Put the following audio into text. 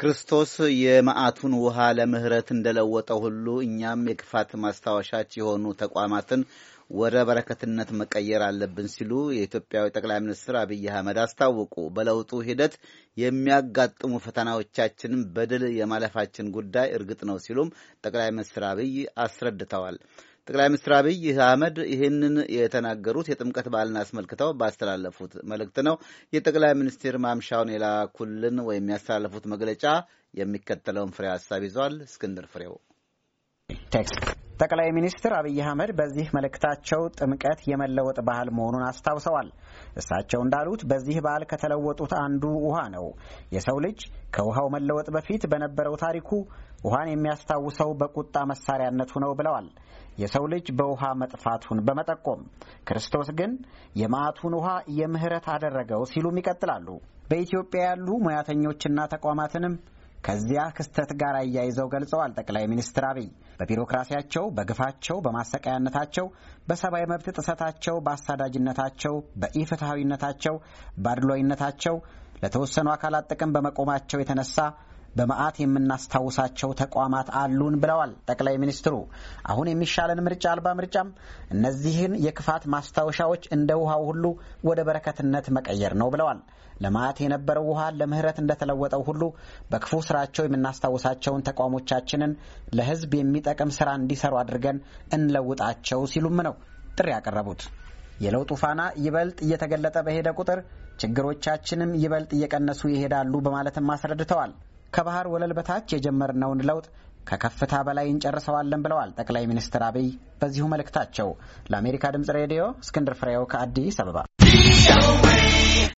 ክርስቶስ የመዓቱን ውሃ ለምህረት እንደለወጠ ሁሉ እኛም የክፋት ማስታወሻች የሆኑ ተቋማትን ወደ በረከትነት መቀየር አለብን ሲሉ የኢትዮጵያዊ ጠቅላይ ሚኒስትር አብይ አህመድ አስታወቁ። በለውጡ ሂደት የሚያጋጥሙ ፈተናዎቻችንን በድል የማለፋችን ጉዳይ እርግጥ ነው ሲሉም ጠቅላይ ሚኒስትር አብይ አስረድተዋል። ጠቅላይ ሚኒስትር አብይ አህመድ ይህንን የተናገሩት የጥምቀት በዓልን አስመልክተው ባስተላለፉት መልእክት ነው። የጠቅላይ ሚኒስትር ማምሻውን የላኩልን ወይም ያስተላለፉት መግለጫ የሚከተለውን ፍሬ ሀሳብ ይዟል። እስክንድር ፍሬው ቴክስት ጠቅላይ ሚኒስትር አብይ አህመድ በዚህ መልእክታቸው ጥምቀት የመለወጥ ባህል መሆኑን አስታውሰዋል። እሳቸው እንዳሉት በዚህ ባህል ከተለወጡት አንዱ ውሃ ነው። የሰው ልጅ ከውሃው መለወጥ በፊት በነበረው ታሪኩ ውሃን የሚያስታውሰው በቁጣ መሳሪያነቱ ነው ብለዋል። የሰው ልጅ በውሃ መጥፋቱን በመጠቆም ክርስቶስ ግን የማቱን ውሃ የምህረት አደረገው ሲሉም ይቀጥላሉ። በኢትዮጵያ ያሉ ሙያተኞችና ተቋማትንም ከዚያ ክስተት ጋር አያይዘው ገልጸዋል። ጠቅላይ ሚኒስትር አብይ በቢሮክራሲያቸው፣ በግፋቸው፣ በማሰቃያነታቸው፣ በሰብአዊ መብት ጥሰታቸው፣ በአሳዳጅነታቸው፣ በኢፍትሐዊነታቸው፣ በአድሏዊነታቸው ለተወሰኑ አካላት ጥቅም በመቆማቸው የተነሳ በመዓት የምናስታውሳቸው ተቋማት አሉን ብለዋል ጠቅላይ ሚኒስትሩ። አሁን የሚሻለን ምርጫ አልባ ምርጫም እነዚህን የክፋት ማስታወሻዎች እንደ ውሃው ሁሉ ወደ በረከትነት መቀየር ነው ብለዋል። ለመዓት የነበረው ውሃ ለምህረት እንደተለወጠው ሁሉ በክፉ ስራቸው የምናስታውሳቸውን ተቋሞቻችንን ለህዝብ የሚጠቅም ስራ እንዲሰሩ አድርገን እንለውጣቸው ሲሉም ነው ጥሪ ያቀረቡት። የለውጡ ፋና ይበልጥ እየተገለጠ በሄደ ቁጥር ችግሮቻችንም ይበልጥ እየቀነሱ ይሄዳሉ በማለትም አስረድተዋል። ከባህር ወለል በታች የጀመርነውን ለውጥ ከከፍታ በላይ እንጨርሰዋለን ብለዋል ጠቅላይ ሚኒስትር አብይ በዚሁ መልእክታቸው። ለአሜሪካ ድምጽ ሬዲዮ እስክንድር ፍሬው ከአዲስ አበባ